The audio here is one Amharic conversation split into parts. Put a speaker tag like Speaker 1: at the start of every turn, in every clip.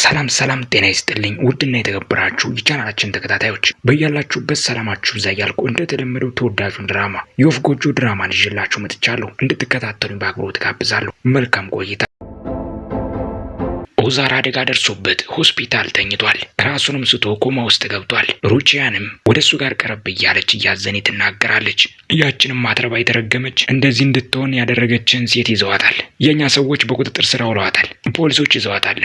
Speaker 1: ሰላም ሰላም፣ ጤና ይስጥልኝ ውድና የተከበራችሁ የቻናላችን ተከታታዮች በያላችሁበት ሰላማችሁ ብዛ እያልኩ እንደተለመደው ተወዳጁን ድራማ የወፍ ጎጆ ድራማን ይዤላችሁ መጥቻለሁ። እንድትከታተሉኝ በአክብሮት ጋብዛለሁ። መልካም ቆይታ ኦዛር አደጋ ደርሶበት ሆስፒታል ተኝቷል። ራሱንም ስቶ ኮማ ውስጥ ገብቷል። ሩቺያንም ወደ እሱ ጋር ቀረብ እያለች እያዘኔ ትናገራለች። ያችንም ማትረባ የተረገመች እንደዚህ እንድትሆን ያደረገችን ሴት ይዘዋታል። የእኛ ሰዎች በቁጥጥር ስር አውለዋታል። ፖሊሶች ይዘዋታል።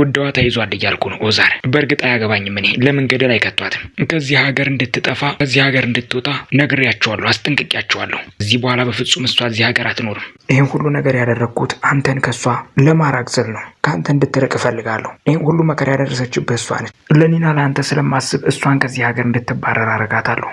Speaker 1: ጉዳዋ ተይዟል እያልኩ ነው። ኦዛር በእርግጥ አያገባኝም። እኔ ለምን ገደል አይከቷትም? ከዚህ ሀገር እንድትጠፋ ከዚህ ሀገር እንድትወጣ ነግሬያቸዋለሁ፣ አስጠንቅቄያቸዋለሁ። እዚህ በኋላ በፍጹም እሷ እዚህ ሀገር አትኖርም።
Speaker 2: ይህን ሁሉ ነገር ያደረግኩት አንተን ከእሷ ለማራቅ ስል ነው ከአንተ እንድት እንድትርቅ እፈልጋለሁ። ይህ ሁሉ መከራ ያደረሰች እሷ ነች። ለኒና ለአንተ ስለማስብ እሷን ከዚህ ሀገር እንድትባረር አረጋታለሁ።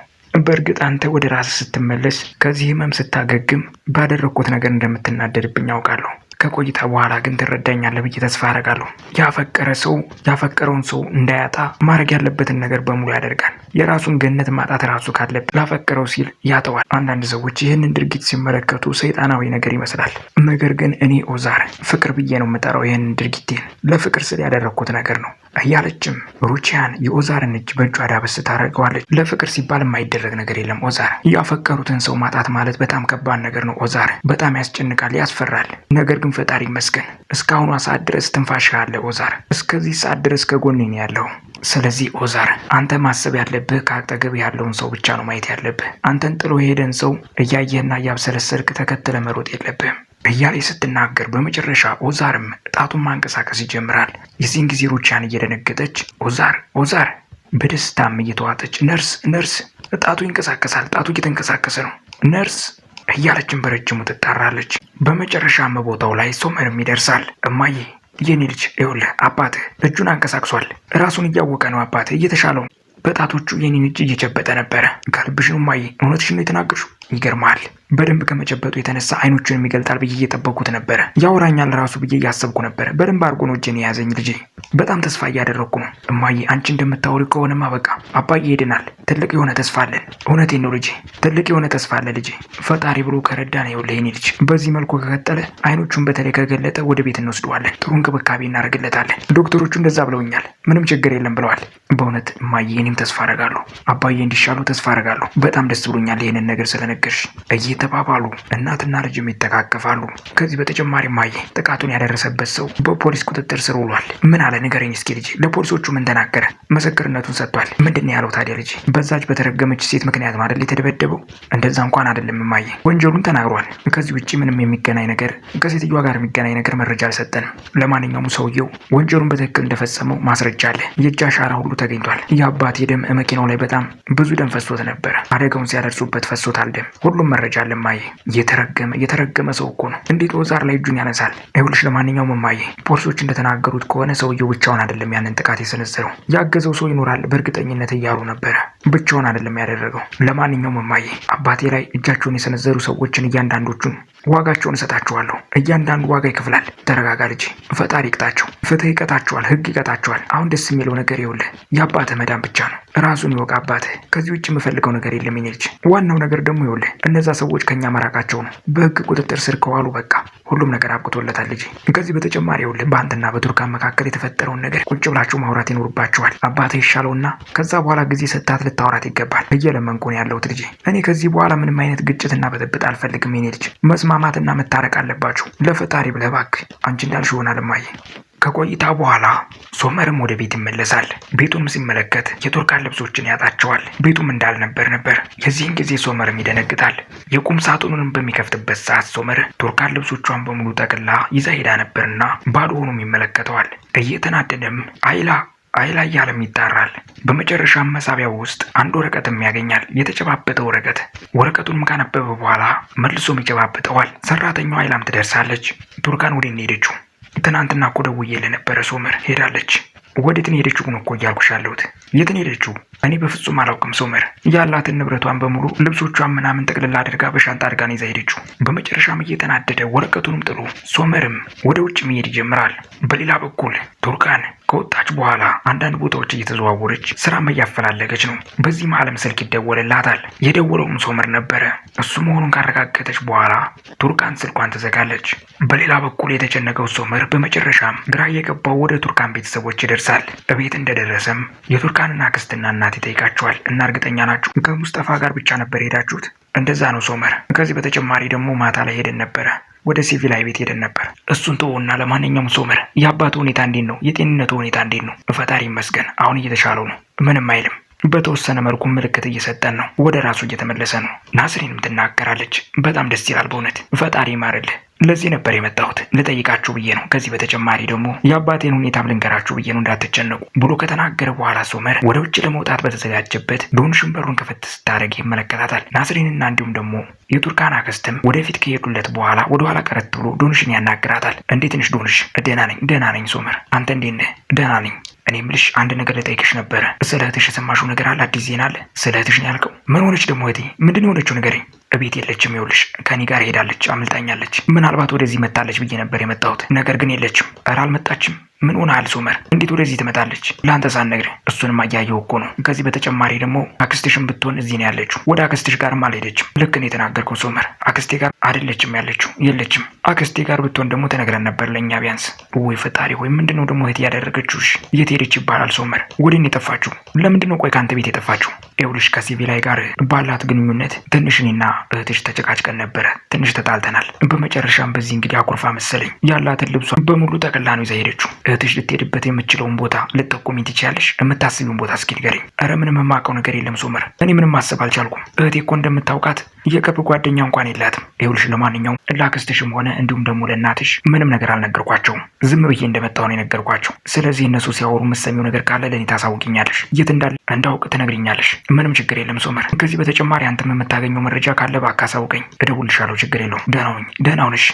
Speaker 2: በእርግጥ አንተ ወደ ራስህ ስትመለስ ከዚህ ህመም ስታገግም ባደረግኩት ነገር እንደምትናደድብኝ አውቃለሁ። ከቆይታ በኋላ ግን ትረዳኛለ ብዬ ተስፋ አደርጋለሁ። ያፈቀረ ሰው ያፈቀረውን ሰው እንዳያጣ ማድረግ ያለበትን ነገር በሙሉ ያደርጋል። የራሱን ገነት ማጣት ራሱ ካለብ ላፈቀረው ሲል ያጠዋል። አንዳንድ ሰዎች ይህንን ድርጊት ሲመለከቱ ሰይጣናዊ ነገር ይመስላል። ነገር ግን እኔ ኦዛር ፍቅር ብዬ ነው የምጠራው። ይህንን ድርጊቴን ለፍቅር ስል ያደረግኩት ነገር ነው። እያለችም ሩቺያን የኦዛርን እጅ በእጇ ዳበስ ታደርገዋለች። ለፍቅር ሲባል የማይደረግ ነገር የለም ኦዛር። ያፈቀሩትን ሰው ማጣት ማለት በጣም ከባድ ነገር ነው ኦዛር። በጣም ያስጨንቃል፣ ያስፈራል። ነገር ግን ፈጣሪ ይመስገን እስካሁኗ ሰዓት ድረስ ትንፋሽህ አለ ኦዛር። እስከዚህ ሰዓት ድረስ ከጎኔ ያለው። ስለዚህ ኦዛር አንተ ማሰብ ያለብህ ከአጠገብ ያለውን ሰው ብቻ ነው ማየት ያለብህ። አንተን ጥሎ የሄደን ሰው እያየህና እያብሰለሰልክ ተከትለ መሮጥ የለብህም። እያለች ስትናገር በመጨረሻ ኦዛርም ጣቱን ማንቀሳቀስ ይጀምራል። የዚህን ጊዜ ሩቻን እየደነገጠች ኦዛር ኦዛር በደስታም እየተዋጠች ነርስ ነርስ፣ ጣቱ ይንቀሳቀሳል፣ ጣቱ እየተንቀሳቀሰ ነው ነርስ እያለችን በረጅሙ ትጣራለች። በመጨረሻም ቦታው ላይ ሶመርም ይደርሳል። እማዬ የኔ ልጅ ይኸውልህ፣ አባትህ እጁን አንቀሳቅሷል። ራሱን እያወቀ ነው አባትህ እየተሻለው በጣቶቹ የኔን እጅ እየጨበጠ ነበረ። ከልብሽ ነው እማዬ፣ እውነትሽ ነው የተናገርሽው። ይገርማል በደንብ ከመጨበጡ የተነሳ አይኖቹን የሚገልጣል ብዬ እየጠበኩት ነበረ። ያወራኛል ራሱ ብዬ እያሰብኩ ነበረ። በደንብ አድርጎ ነው እጄን የያዘኝ። ልጄ በጣም ተስፋ እያደረግኩ ነው። እማዬ አንቺ እንደምታወሪ ከሆነማ በቃ አባዬ ሄደናል። ትልቅ የሆነ ተስፋ አለን። እውነቴ ነው ልጄ፣ ትልቅ የሆነ ተስፋ አለ ልጄ። ፈጣሪ ብሎ ከረዳ ነው የውለ የኔ ልጅ። በዚህ መልኩ ከቀጠለ አይኖቹን በተለይ ከገለጠ ወደ ቤት እንወስደዋለን። ጥሩ እንክብካቤ እናደርግለታለን። ዶክተሮቹ እንደዛ ብለውኛል። ምንም ችግር የለም ብለዋል። በእውነት እማዬ እኔም ተስፋ አረጋለሁ። አባዬ እንዲሻሉ ተስፋ አረጋለሁ። በጣም ደስ ብሎኛል ይህንን ነገር ስለነገርሽ ተባባሉ እናትና ልጅም ይተካከፋሉ። ከዚህ በተጨማሪ ማየ ጥቃቱን ያደረሰበት ሰው በፖሊስ ቁጥጥር ስር ውሏል። ምን አለ ንገረኝ እስኪ ልጅ። ለፖሊሶቹ ምን ተናገረ? ምስክርነቱን ሰጥቷል። ምንድን ያለው ታዲያ ልጅ በዛች በተረገመች ሴት ምክንያት ማደል የተደበደበው? እንደዛ እንኳን አይደለም ማየ፣ ወንጀሉን ተናግሯል። ከዚህ ውጭ ምንም የሚገናኝ ነገር ከሴትዮዋ ጋር የሚገናኝ ነገር መረጃ አልሰጠንም። ለማንኛውም ሰውየው ወንጀሉን በትክክል እንደፈጸመው ማስረጃ አለ። የእጅ አሻራ ሁሉ ተገኝቷል። የአባቴ ደም መኪናው ላይ በጣም ብዙ ደም ፈሶት ነበረ። አደጋውን ሲያደርሱበት ፈሶታል ደም። ሁሉም መረጃ አለ አይቻልም እማዬ። የተረገመ የተረገመ ሰው እኮ ነው። እንዴት ኦዛር ላይ እጁን ያነሳል? ይኸውልሽ፣ ለማንኛውም እማዬ ፖሊሶች እንደተናገሩት ከሆነ ሰውየው ብቻውን አይደለም ያንን ጥቃት የሰነዘረው፣ ያገዘው ሰው ይኖራል በእርግጠኝነት እያሉ ነበረ። ብቻውን አይደለም ያደረገው። ለማንኛውም እማዬ አባቴ ላይ እጃቸውን የሰነዘሩ ሰዎችን እያንዳንዶቹን ዋጋቸውን እሰጣችኋለሁ። እያንዳንዱ ዋጋ ይከፍላል። ተረጋጋ ልጅ፣ ፈጣሪ ይቅጣቸው። ፍትህ ይቀጣቸዋል፣ ህግ ይቀጣቸዋል። አሁን ደስ የሚለው ነገር ይኸውልህ የአባትህ መዳን ብቻ ነው። ራሱን ይወቅ አባትህ። ከዚህ ውጭ የምፈልገው ነገር የለም የኔ ልጅ። ዋናው ነገር ደግሞ ይኸውልህ እነዛ ሰዎች ከኛ መራቃቸው ነው። በህግ ቁጥጥር ስር ከዋሉ በቃ ሁሉም ነገር አብቅቶለታል ልጅ። ከዚህ በተጨማሪ ይኸውልህ በአንተና በቱርካን መካከል የተፈጠረውን ነገር ቁጭ ብላችሁ ማውራት ይኖርባችኋል። አባትህ ይሻለውና ከዛ በኋላ ጊዜ ሰታት ልታወራት ይገባል። እየለመንኩ ነው ያለሁት እኔ ከዚህ በኋላ ምንም አይነት ግጭትና ብጥብጥ አልፈልግም የኔ ልጅ። መስማማትና መታረቅ አለባችሁ። ለፈጣሪ ብለህ እባክህ አንቺ እንዳልሽ ይሆናል እማዬ ከቆይታ በኋላ ሶመርም ወደ ቤት ይመለሳል። ቤቱም ሲመለከት የቱርካን ልብሶችን ያጣቸዋል። ቤቱም እንዳልነበር ነበር። የዚህን ጊዜ ሶመርም ይደነግጣል። የቁም ሳጥኑንም በሚከፍትበት ሰዓት ሶመር ቱርካን ልብሶቿን በሙሉ ጠቅላ ይዛ ሄዳ ነበርና ባዶ ሆኖም ይመለከተዋል። እየተናደደም አይላ አይላ እያለም ይጣራል። በመጨረሻ መሳቢያው ውስጥ አንድ ወረቀትም ያገኛል። የተጨባበጠ ወረቀት። ወረቀቱንም ካነበበ በኋላ መልሶም ይጨባበጠዋል። ሰራተኛው አይላም ትደርሳለች። ቱርካን ወደ ሄደችው? ትናንትና እኮ ደውዬ ለነበረ ሶመር ሄዳለች። ወዴትን ሄደችው ነው እኮ እያልኩሽ የትን ሄደችው? እኔ በፍጹም አላውቅም። ሶመር ያላትን ንብረቷን በሙሉ ልብሶቿን ምናምን ጠቅልላ አድርጋ በሻንጣ አድርጋን ይዛ ሄደችው። በመጨረሻም እየተናደደ ወረቀቱንም ጥሎ ሶመርም ወደ ውጭ መሄድ ይጀምራል። በሌላ በኩል ቱርካን ከወጣች በኋላ አንዳንድ ቦታዎች እየተዘዋወረች ስራም እያፈላለገች ነው። በዚህ መዓልም ስልክ ይደወልላታል። የደወለውም ሶመር ነበረ። እሱ መሆኑን ካረጋገጠች በኋላ ቱርካን ስልኳን ትዘጋለች። በሌላ በኩል የተጨነቀው ሶመር በመጨረሻም ግራ የገባው ወደ ቱርካን ቤተሰቦች ይደርሳል። እቤት እንደደረሰም የቱርካንና ክስትና እናት ይጠይቃቸዋል። እና እርግጠኛ ናችሁ ከሙስጠፋ ጋር ብቻ ነበር ሄዳችሁት? እንደዛ ነው ሶመር። ከዚህ በተጨማሪ ደግሞ ማታ ላይ ሄደን ነበረ ወደ ሲቪላይ ቤት ሄደን ነበር። እሱን ተወና፣ ለማንኛውም ሶመር የአባቱ ሁኔታ እንዴት ነው? የጤንነቱ ሁኔታ እንዴት ነው? ፈጣሪ ይመስገን አሁን እየተሻለው ነው። ምንም አይልም። በተወሰነ መልኩ ምልክት እየሰጠን ነው። ወደ ራሱ እየተመለሰ ነው። ናስሪንም ትናገራለች። በጣም ደስ ይላል በእውነት ፈጣሪ ይማርልህ። ለዚህ ነበር የመጣሁት ልጠይቃችሁ ብዬ ነው። ከዚህ በተጨማሪ ደግሞ የአባቴን ሁኔታም ልንገራችሁ ብዬ ነው እንዳትጨነቁ ብሎ ከተናገረ በኋላ ሶመር ወደ ውጭ ለመውጣት በተዘጋጀበት ዶን ሽንበሩን ክፍት ስታደርግ ይመለከታታል። ናስሪንና እንዲሁም ደግሞ የቱርካን አክስትም ወደፊት ከሄዱለት በኋላ ወደኋላ ቀረት ብሎ ዶንሽን ያናግራታል። እንዴት ነሽ ዶንሽ? ደህና ነኝ፣ ደህና ነኝ ሶመር። አንተ እንዴት ነህ? ደህና ነኝ እኔ ምልሽ አንድ ነገር ልጠይቅሽ ነበረ። ስለ እህትሽ የሰማሽው ነገር አለ? አዲስ ዜና አለ? ስለ እህትሽ ነው ያልከው? ምን ሆነች ደግሞ እህቴ? ምንድን የሆነችው ንገረኝ። እቤት የለችም። ይኸውልሽ ከኔ ጋር ሄዳለች፣ አምልጣኛለች። ምናልባት ወደዚህ መጣለች ብዬ ነበር የመጣሁት፣ ነገር ግን የለችም። ኧረ አልመጣችም። ምን ሆነሃል ሶመር? እንዴት ወደዚህ ትመጣለች? ለአንተ ሳትነግረኝ። እሱንም አያየው እኮ ነው። ከዚህ በተጨማሪ ደግሞ አክስትሽም ብትሆን እዚህ ነው ያለችው፣ ወደ አክስትሽ ጋርም አልሄደችም። ልክ ነው የተናገርከው ሶመር። አክስቴ ጋር አይደለችም ያለችው፣ የለችም። አክስቴ ጋር ብትሆን ደግሞ ተነግረን ነበር ለእኛ ቢያንስ። ወይ ፈጣሪ ወይ ምንድን ነው ደግሞ እህቴ ያደረገችውሽ? የት ሄደች ይባላል ሶመር። ወደኔ የጠፋችው ለምንድን ነው? ቆይ ከአንተ ቤት የጠፋችው? ይኸውልሽ ከሲቪላይ ጋር ባላት ግንኙነት ትንሽ እኔና እህትሽ ተጨቃጭቀን ነበረ። ትንሽ ተጣልተናል። በመጨረሻም በዚህ እንግዲህ አኩርፋ መሰለኝ ያላትን ልብሷ በሙሉ ጠቅላ ነው ይዛ ሄደችው። እህትሽ ልትሄድበት የምችለውን ቦታ ልጠቁሚ ትችያለሽ? የምታስቢውን ቦታ እስኪ ንገሪኝ። እረ ምንም የማውቀው ነገር የለም ሶመር። እኔ ምንም ማሰብ አልቻልኩም። እህቴ እኮ እንደምታውቃት የቅርብ ጓደኛ እንኳን የላትም። ይኸውልሽ ለማንኛውም ላክስትሽም ሆነ እንዲሁም ደግሞ ለእናትሽ ምንም ነገር አልነገርኳቸውም። ዝም ብዬ እንደመጣሁ ነው የነገርኳቸው። ስለዚህ እነሱ ሲያወሩ የምትሰሚው ነገር ካለ ለእኔ ታሳውቅኛለሽ። የት እንዳለ እንዳውቅ ትነግርኛለሽ። ምንም ችግር የለም ሶመር። ከዚህ በተጨማሪ አንተም የምታገኘው መረጃ ካለ እባክህ አሳውቀኝ። እደውልልሻለሁ። ችግር የለውም። ደህና ሁኝ። ደህና ሁነሽ።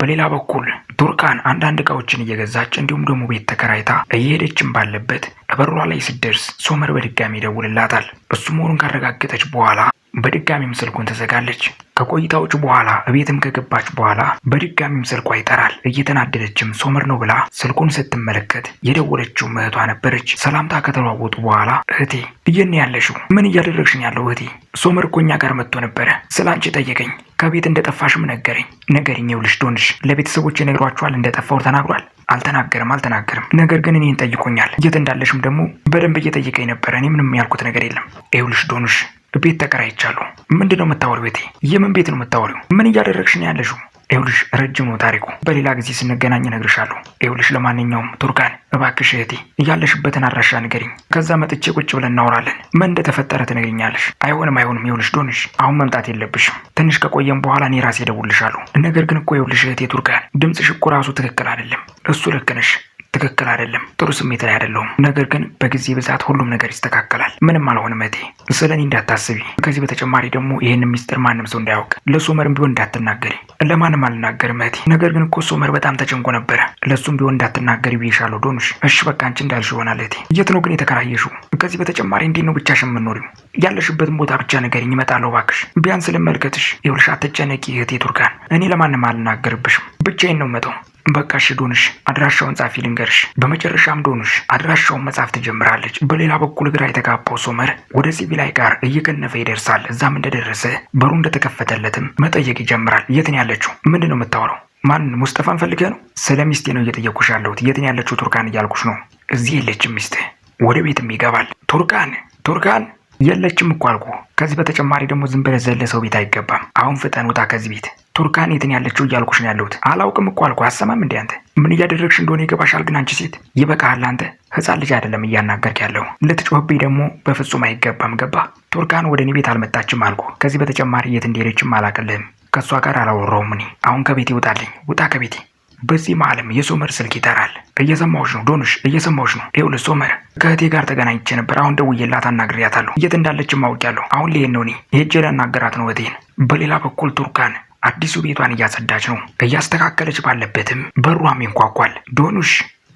Speaker 2: በሌላ በኩል ቱርካን አንዳንድ እቃዎችን እየገዛች እንዲሁም ደግሞ ቤት ተከራይታ እየሄደችን ባለበት በሯ ላይ ስትደርስ ሶመር በድጋሚ ይደውልላታል። እሱ መሆኑን ካረጋገጠች በኋላ በድጋሚም ስልኩን ትዘጋለች። ከቆይታዎች በኋላ እቤትም ከገባች በኋላ በድጋሚም ስልኳ ይጠራል። እየተናደደችም ሶመር ነው ብላ ስልኩን ስትመለከት የደወለችው እህቷ ነበረች። ሰላምታ ከተለዋወጡ በኋላ እህቴ እየን ያለሽው ምን እያደረግሽን ያለው እህቴ? ሶመር እኮ እኛ ጋር መጥቶ ነበረ ስለ አንቺ ጠየቀኝ። ከቤት እንደጠፋሽም ነገረኝ። ነገርኝ የውልሽ ዶንሽ ለቤተሰቦች ነግሯችኋል እንደጠፋው ተናግሯል። አልተናገርም አልተናገርም። ነገር ግን እኔን ጠይቆኛል። የት እንዳለሽም ደግሞ በደንብ እየጠየቀኝ ነበረ። እኔ ምንም ያልኩት ነገር የለም። ይኸውልሽ ዶንሽ ቤት ተከራይቻለሁ። ምንድን ነው የምታወሪው? ቤቴ የምን ቤት ነው የምታወሪው? ምን እያደረግሽ ነው ያለሽው? ይኸውልሽ ረጅም ነው ታሪኩ፣ በሌላ ጊዜ ስንገናኝ እነግርሻለሁ። ይኸውልሽ ለማንኛውም ቱርካን እባክሽ እህቴ እያለሽበትን አድራሻ ንገሪኝ፣ ከዛ መጥቼ ቁጭ ብለን እናወራለን። ምን እንደተፈጠረ ትነግሪኛለሽ። አይሆንም አይሆንም፣ ይኸውልሽ ዶንሽ አሁን መምጣት የለብሽም። ትንሽ ከቆየም በኋላ እኔ ራሴ እደውልልሻለሁ። ነገር ግን እኮ ይኸውልሽ እህቴ ቱርካን ድምፅሽ እኮ ራሱ ትክክል አይደለም። እሱ ልክ ነሽ ትክክል አይደለም። ጥሩ ስሜት ላይ አይደለሁም። ነገር ግን በጊዜ ብዛት ሁሉም ነገር ይስተካከላል። ምንም አልሆንም እህቴ። ስለ እኔ እንዳታስቢ። ከዚህ በተጨማሪ ደግሞ ይህን ሚስጥር ማንም ሰው እንዳያውቅ ለሶመርም ቢሆን እንዳትናገሪ። ለማንም አልናገርም እህቴ። ነገር ግን እኮ ሶመር በጣም ተጨንቆ ነበረ። ለእሱም ቢሆን እንዳትናገሪ ብዬሻለሁ ዶኑሽ። እሺ በቃ አንቺ እንዳልሽ ይሆናል እህቴ። የት ነው ግን የተከራየሽው? ከዚህ በተጨማሪ እንዴት ነው ብቻሽ የምኖሪው? ያለሽበትን ቦታ ብቻ ንገሪኝ፣ እመጣለሁ እባክሽ። ቢያንስ ልመልከትሽ። ይኸውልሽ፣ አትጨነቂ እህቴ ቱርካን፣ እኔ ለማንም አልናገርብሽም። ብቻዬን ነው መጠው በቃ እሺ ዶንሽ አድራሻውን ጻፊ ልንገርሽ። በመጨረሻም ዶንሽ አድራሻውን መጻፍ ትጀምራለች። በሌላ በኩል ግራ የተጋባው ሶመር ወደ ሲቪላይ ጋር እየገነፈ ይደርሳል። እዛም እንደደረሰ በሩ እንደተከፈተለትም መጠየቅ ይጀምራል። የት ነው ያለችው? ምንድን ነው የምታወራው? ማን ሙስጠፋን ፈልገህ ነው? ስለ ሚስቴ ነው እየጠየኩሽ ያለሁት። የት ነው ያለችው? ቱርካን እያልኩሽ ነው። እዚህ የለችም ሚስትህ። ወደ ቤትም ይገባል። ቱርካን ቱርካን የለችም እኮ አልኩ። ከዚህ በተጨማሪ ደግሞ ዝም ብለህ ሰው ቤት አይገባም። አሁን ፍጠን ውጣ ከዚህ ቤት ቱርካን የትን ያለችው እያልኩሽ ነው ያለሁት። አላውቅም እኮ አልኩ። አሰማም እንዲ አንተ ምን እያደረግሽ እንደሆነ ይገባሻል። ግን አንቺ ሴት ይበቃሃል። አንተ ህፃን ልጅ አይደለም እያናገርክ ያለው። ልትጮህብኝ ደግሞ በፍጹም አይገባም። ገባ? ቱርካን ወደ እኔ ቤት አልመጣችም አልኩ። ከዚህ በተጨማሪ የት እንደሄደችም አላቅልህም። ከእሷ ጋር አላወራውም። እኔ አሁን ከቤቴ ውጣልኝ፣ ውጣ ከቤቴ በዚህ መዓለም የሶመር ስልክ ይጠራል። እየሰማዎች ነው ዶንሽ፣ እየሰማዎች ነው። ይኸውልህ ሶመር ከእህቴ ጋር ተገናኝቼ ነበር። አሁን ደውዬላት አናግሬያታለሁ። የት እንዳለችም አውቄያለሁ። አሁን ልሄድ ነው እኔ ሄጄ ላናገራት ነው እህቴን። በሌላ በኩል ቱርካን አዲሱ ቤቷን እያጸዳች ነው። እያስተካከለች ባለበትም በሯም ይንኳኳል። ዶኑሽ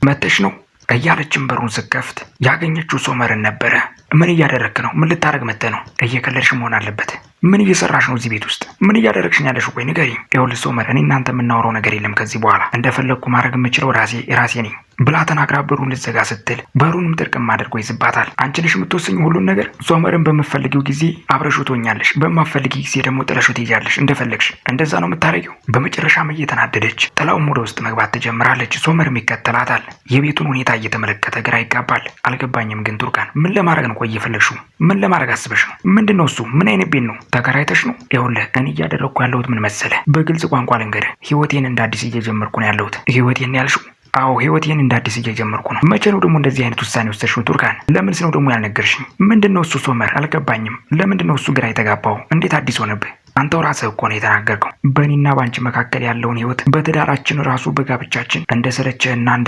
Speaker 2: መተሽ ነው እያለችን በሩን ስከፍት ያገኘችው ሶመርን ነበረ። ምን እያደረግክ ነው? ምን ልታደርግ መጥተህ ነው? እየቀለድሽ መሆን አለበት። ምን እየሰራሽ ነው እዚህ ቤት ውስጥ? ምን እያደረግሽ ነው ያለሽው? ቆይ ንገሪኝ። ይኸውልህ ሶመር፣ እኔ እናንተ የምናወራው ነገር የለም ከዚህ በኋላ እንደፈለግኩ ማድረግ የምችለው ራሴ ራሴ ነኝ። ብላ ተናግራ በሩን ስትል በሩንም ጥርቅም አድርጎ ይዝባታል። አንቺ ነሽ የምትወስኝ ሁሉን ነገር። ሶመርን በምፈልጊው ጊዜ አብረሹ ትሆኛለሽ፣ በማፈልጊ ጊዜ ደግሞ ጥለሹ ትሄጃለሽ። እንደፈለግሽ እንደዛ ነው የምታረጊው። በመጨረሻም እየተናደደች ጥላውም ወደ ውስጥ መግባት ትጀምራለች። ሶመርም ይከተላታል። የቤቱን ሁኔታ እየተመለከተ ግራ ይጋባል። አልገባኝም ግን ቱርካን ምን ለማድረግ ነው ቆይ ምን ለማድረግ አስበሽ ነው? ምንድን ነው እሱ? ምን አይነት ቤት ነው? ተከራይተሽ ነው? ይኸውልህ እኔ እያደረግኩ ያለሁት ምን መሰለህ? በግልጽ ቋንቋ ልንገርህ፣ ህይወቴን እንደ አዲስ እየጀመርኩ ነው ያለሁት። ህይወቴን ያልሽው አዎ ህይወቴን እንደ አዲስ እየጀመርኩ ነው። መቼ ነው ደግሞ እንደዚህ አይነት ውሳኔ ወሰድሽው? ቱርካን ለምን ስነው ደግሞ ያልነገርሽኝ? ምንድን ነው እሱ? ሶመር አልገባኝም። ለምንድን ነው እሱ ግራ የተጋባው? እንዴት አዲስ ሆነብህ? አንተ ራስህ እኮ ነው የተናገርከው። በእኔና ባንቺ መካከል ያለውን ህይወት በትዳራችን ራሱ በጋብቻችን እንደ ሰለቸህና እንደ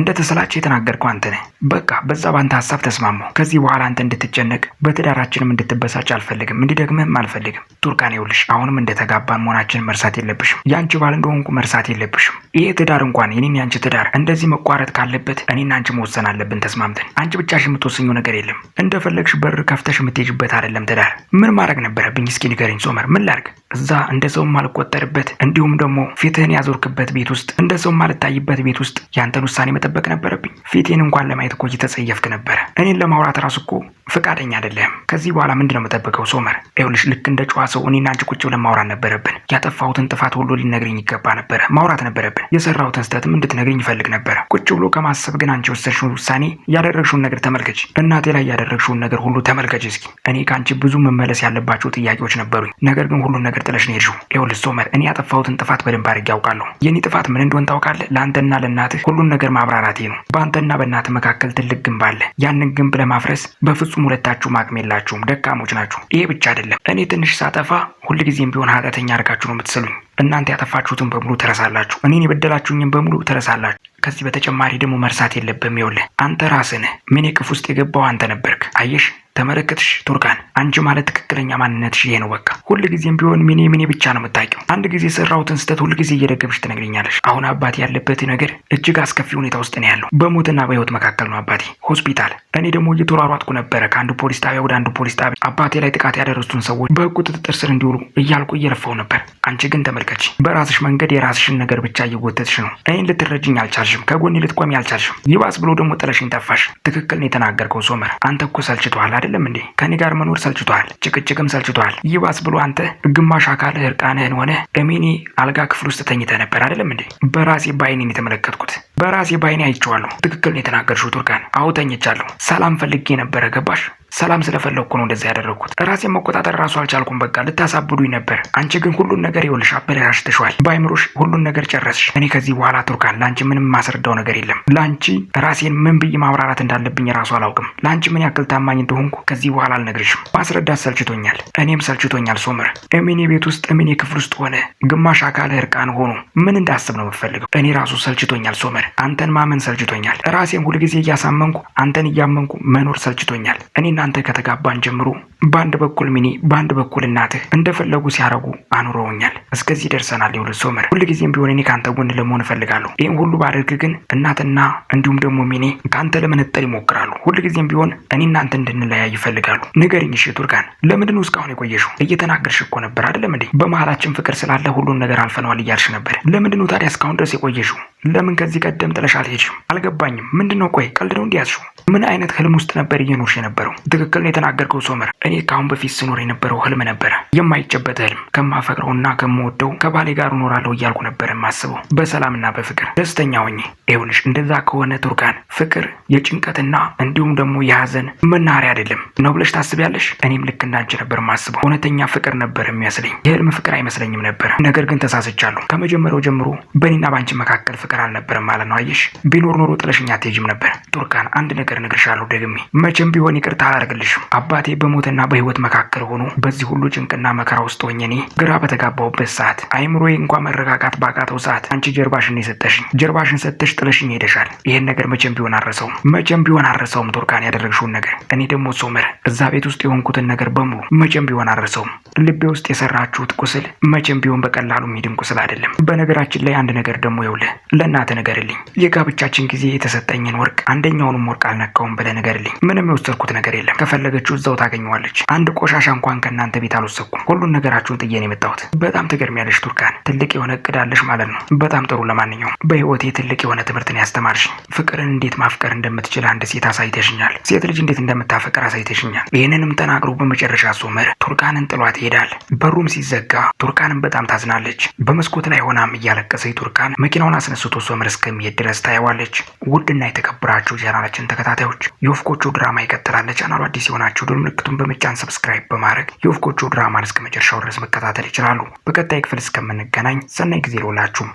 Speaker 2: እንደ የተናገርከው አንተ ነህ። በቃ በዛ በአንተ ሀሳብ ተስማማሁ። ከዚህ በኋላ አንተ እንድትጨነቅ በትዳራችንም እንድትበሳጭ አልፈልግም፣ እንዲደግምህም አልፈልግም። ቱርካን ይኸውልሽ፣ አሁንም እንደተጋባን መሆናችን መርሳት የለብሽም። የአንቺ ባል እንደሆንኩ መርሳት የለብሽም። ይሄ ትዳር እንኳን የኔም የአንቺ ትዳር እንደዚህ መቋረጥ ካለበት እኔና አንቺ መወሰን አለብን ተስማምተን። አንቺ ብቻሽ የምትወስኙ ነገር የለም። እንደፈለግሽ በር ከፍተሽ የምትጅበት አይደለም ትዳር። ምን ማድረግ ነበረብኝ? እስኪ ንገረኝ ሶመር። ምን ላርግ? እዛ እንደ ሰው ማልቆጠርበት እንዲሁም ደግሞ ፊትህን ያዞርክበት ቤት ውስጥ እንደ ሰው ማልታይበት ቤት ውስጥ ያንተን ውሳኔ መጠበቅ ነበረብኝ። ፊቴን እንኳን ለማየት እኮ እየተጸየፍክ ነበረ። እኔን ለማውራት ራሱ እኮ ፍቃደኛ አይደለህም። ከዚህ በኋላ ምንድን ነው የምጠብቀው? ሶመር ይኸውልሽ፣ ልክ እንደ ጨዋ ሰው እኔና አንቺ ቁጭ ብለን ማውራት ነበረብን። ያጠፋሁትን ጥፋት ሁሉ ሊነግረኝ ይገባ ነበረ። ማውራት ነበረብን። የሰራሁትን ስህተትም እንድትነግረኝ ይፈልግ ነበረ። ቁጭ ብሎ ከማሰብ ግን አንቺ የወሰድሽውን ውሳኔ፣ ያደረግሽውን ነገር ተመልከች። እናቴ ላይ ያደረግሽውን ነገር ሁሉ ተመልከች እስኪ። እኔ ከአንቺ ብዙ መመለስ ያለባቸው ጥያቄዎች ነበሩኝ። ነገር ግን ሁሉን ነገር ጥለሽ ነው የሄድሽው። ይኸውልህ ሶመር፣ እኔ ያጠፋሁትን ጥፋት በደንብ አድርጌ ያውቃለሁ። የእኔ ጥፋት ምን እንደሆነ ታውቃለህ። ለአንተና ለእናትህ ሁሉን ነገር ማብራራቴ ነው። በአንተና በእናትህ መካከል ትልቅ ግንብ አለ። ያንን ግንብ ለማፍረስ በፍጹም ሁለታችሁ አቅም የላችሁም፣ ደካሞች ናችሁ። ይሄ ብቻ አይደለም፣ እኔ ትንሽ ሳጠፋ ሁልጊዜም ቢሆን ኃጢአተኛ አድርጋችሁ ነው የምትስሉኝ። እናንተ ያጠፋችሁትን በሙሉ ትረሳላችሁ፣ እኔን የበደላችሁኝን በሙሉ ትረሳላችሁ። ከዚህ በተጨማሪ ደግሞ መርሳት የለብህም። ይኸውልህ አንተ ራስህ ነህ። ምን የቅፍ ውስጥ የገባው አንተ ነበርክ። አየሽ ተመለከትሽ ቱርካን፣ አንቺ ማለት ትክክለኛ ማንነትሽ ይሄ ነው። በቃ ጊዜም ቢሆን ሚኔ ሚኔ ብቻ ነው የምታውቂው። አንድ ጊዜ ስተት ስህተት ጊዜ እየደገምሽ ትነግረኛለሽ። አሁን አባቴ ያለበት ነገር እጅግ አስከፊ ሁኔታ ውስጥ ነው ያለው። በሞትና በህይወት መካከል ነው አባቴ ሆስፒታል። እኔ ደግሞ እየተሯሯጥኩ ነበረ ከአንዱ ፖሊስ ጣቢያ ወደ አንዱ ፖሊስ ጣቢያ አባቴ ላይ ጥቃት ያደረሱትን ሰዎች በቁጥጥር ስር እንዲውሉ እያልኩ እየለፋው ነበር። አንቺ ግን ተመልከች፣ በራስሽ መንገድ የራስሽን ነገር ብቻ እየጎተትሽ ነው። እኔን ልትረጅኝ አልቻልሽም፣ ከጎኔ ልትቆሚ አልቻልሽም። ይባስ ብሎ ደግሞ ጥለሽኝ ጠፋሽ። ትክክል ነው የተናገርከው ሶመር። አንተ እኮ ሰልችተዋል አይደል? አይደለም እንዴ? ከኔ ጋር መኖር ሰልችቷል፣ ጭቅጭቅም ሰልችቷል። ይባስ ብሎ አንተ ግማሽ አካል እርቃንህን ሆነ እሚኒ አልጋ ክፍል ውስጥ ተኝተ ነበር አይደለም እንዴ? በራሴ ባይኔን የተመለከትኩት በራሴ ባይኔ አይቼዋለሁ። ትክክል ነው የተናገርሽው ቱርካን። አዎ ተኝቻለሁ። ሰላም ፈልጌ ነበረ ገባሽ? ሰላም ስለፈለግኩ ነው እንደዚህ ያደረግኩት። ራሴን መቆጣጠር ራሱ አልቻልኩም። በቃ ልታሳብዱኝ ነበር። አንቺ ግን ሁሉን ነገር ይኸውልሽ አበላሽተሽዋል። በአይምሮሽ ሁሉን ነገር ጨረስሽ። እኔ ከዚህ በኋላ ቱርካን ለአንቺ ምንም የማስረዳው ነገር የለም። ለአንቺ ራሴን ምን ብዬ ማብራራት እንዳለብኝ ራሱ አላውቅም። ለአንቺ ምን ያክል ታማኝ እንደሆንኩ ከዚህ በኋላ አልነግርሽም። ማስረዳት ሰልችቶኛል። እኔም ሰልችቶኛል ሶመር። እሚኔ ቤት ውስጥ እሚኔ ክፍል ውስጥ ሆነ ግማሽ አካል እርቃን ሆኖ ምን እንዳስብ ነው የምፈልገው። እኔ ራሱ ሰልችቶኛል ሶመር። አንተን ማመን ሰልችቶኛል። ራሴን ሁልጊዜ እያሳመንኩ አንተን እያመንኩ መኖር ሰልችቶኛል። እኔ እናንተ ከተጋባን ጀምሮ በአንድ በኩል ሚኒ፣ በአንድ በኩል እናትህ እንደፈለጉ ሲያረጉ አኑረውኛል። እስከዚህ ደርሰናል። ይኸውልህ ሶመር፣ ሁልጊዜም ቢሆን እኔ ከአንተ ጎን ለመሆን እፈልጋለሁ። ይህን ሁሉ ባደርግ ግን እናትና እንዲሁም ደግሞ ሚኒ ከአንተ ለመነጠል ይሞክራሉ። ሁልጊዜም ቢሆን እኔ እናንተ እንድንለያይ ይፈልጋሉ። ንገሪኝ፣ እሺ ቱርካን፣ ለምንድን ነው እስካሁን የቆየሽው? እየተናገርሽ እኮ ነበር አይደለም እንዴ? በመሀላችን ፍቅር ስላለ ሁሉን ነገር አልፈነዋል እያልሽ ነበር። ለምንድን ነው ታዲያ እስካሁን ድረስ የቆየሽው? ለምን ከዚህ ቀደም ጥለሽ አልሄድሽም? አልገባኝም። ምንድን ነው? ቆይ ቀልድ ነው እንዲያዝሽው? ምን አይነት ህልም ውስጥ ነበር እየኖርሽ የነበረው? ትክክል ነው የተናገርከው ሶመር። እኔ ከአሁን በፊት ስኖር የነበረው ህልም ነበረ፣ የማይጨበጥ ህልም። ከማፈቅረውና ከምወደው ከባሌ ጋር እኖራለሁ እያልኩ ነበር የማስበው፣ በሰላምና በፍቅር ደስተኛ ሆኜ። ይኸውልሽ እንደዛ ከሆነ ቱርካን፣ ፍቅር የጭንቀትና እንዲሁም ደግሞ የሀዘን መናኸሪያ አይደለም ነው ብለሽ ታስቢያለሽ? እኔም ልክ እንዳንቺ ነበር የማስበው። እውነተኛ ፍቅር ነበር የሚያስለኝ፣ የህልም ፍቅር አይመስለኝም ነበር። ነገር ግን ተሳስቻለሁ። ከመጀመሪያው ጀምሮ በእኔና በአንቺ መካከል ፍቅር አልነበረም ማለት ነው። አየሽ፣ ቢኖር ኖሮ ጥለሽኝ አትሄጂም ነበር። ቱርካን፣ አንድ ነገር እነግርሻለሁ ደግሜ፣ መቼም ቢሆን ይቅርታ አላደርግልሽም። አባቴ በሞትና በህይወት መካከል ሆኖ በዚህ ሁሉ ጭንቅና መከራ ውስጥ ሆኜ እኔ ግራ በተጋባሁበት ሰዓት አይምሮዬ እንኳ መረጋጋት ባቃተው ሰዓት አንቺ ጀርባሽን የሰጠሽኝ ጀርባሽን ሰጥተሽ ጥለሽኝ ሄደሻል። ይህን ነገር መቼም ቢሆን አረሰውም፣ መቼም ቢሆን አረሰውም ቱርካን፣ ያደረግሽውን ነገር። እኔ ደግሞ ሶመር፣ እዛ ቤት ውስጥ የሆንኩትን ነገር በሙሉ መቼም ቢሆን አረሰውም። ልቤ ውስጥ የሰራችሁት ቁስል መቼም ቢሆን በቀላሉ የሚድን ቁስል አይደለም። በነገራችን ላይ አንድ ነገር ደግሞ የውልህ ለእናተ ንገርልኝ። የጋብቻችን ጊዜ የተሰጠኝን ወርቅ አንደኛውንም ወርቅ አልነካውም ብለህ ንገርልኝ። ምንም የወሰድኩት ነገር የለም። ከፈለገችው እዛው ታገኘዋለች። አንድ ቆሻሻ እንኳን ከእናንተ ቤት አልወሰድኩም። ሁሉን ነገራችሁን ጥዬ ነው የመጣሁት። በጣም ትገርሚያለሽ ቱርካን። ትልቅ የሆነ እቅድ አለሽ ማለት ነው። በጣም ጥሩ። ለማንኛውም በህይወቴ ትልቅ የሆነ ትምህርትን ያስተማርሽኝ ፍቅርን እንዴት ማፍቀር እንደምትችል አንድ ሴት አሳይተሽኛል። ሴት ልጅ እንዴት እንደምታፈቅር አሳይተሽኛል። ይህንንም ተናግሮ በመጨረሻ ሶመር ቱርካንን ጥሏት ይሄዳል። በሩም ሲዘጋ ቱርካንን በጣም ታዝናለች። በመስኮት ላይ ሆናም እያለቀሰች ቱርካን መኪናውን አስነሱ ስቶ ሶመር እስከሚሄድ ድረስ ታየዋለች። ውድና የተከበራችሁ ቻናላችን ተከታታዮች የወፍ ጎጆ ድራማ ይቀጥላል። ለቻናሉ አዲስ የሆናችሁ ደወል ምልክቱን በመጫን ሰብስክራይብ በማድረግ የወፍ ጎጆ ድራማን እስከ መጨረሻው ድረስ መከታተል ይችላሉ። በቀጣይ ክፍል እስከምንገናኝ ሰናይ ጊዜ ይሁንላችሁ።